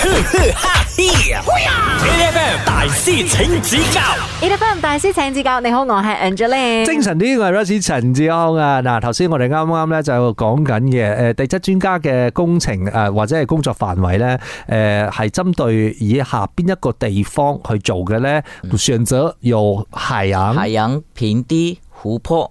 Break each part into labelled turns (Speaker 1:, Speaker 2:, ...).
Speaker 1: 哈，哈、Yerevan、大師請指教、大師請指教。你好，我係 Angel
Speaker 2: 精神啲，我係 Rosy 陳志安啊。嗱，頭先我哋啱啱咧就講緊嘅，誒，地質專家嘅工程誒，或者係工作範圍咧，誒，係針對以下邊一個地方去做嘅咧？選擇有海洋、海洋平地、湖泊、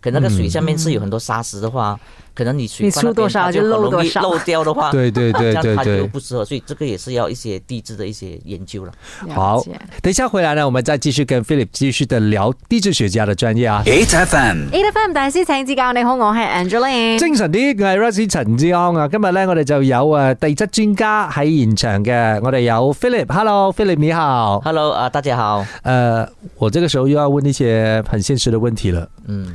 Speaker 3: 可能那個水下面是有很多沙石的話，嗯、可能你水發電就很容易漏掉的話， 對對對對對， 這樣它就不適合，所以這個也是要一些地質的一些研究了。Yeah, 好
Speaker 2: ，yeah. 等一下回來呢，我們再繼續跟 Philip 繼續的聊地質學家的專業啊。Eight FM，Eight FM，大師，8FM，請指教。你好，我係 Angeline。精神啲，我係 Rusty 陳志安啊。今日呢，我哋就有啊，地質專家喺現場嘅，我哋有 Philip。Hello，Philip，你好。Hello 啊，大家好。呃，我這個時候又要問一些很現實的問題了。嗯。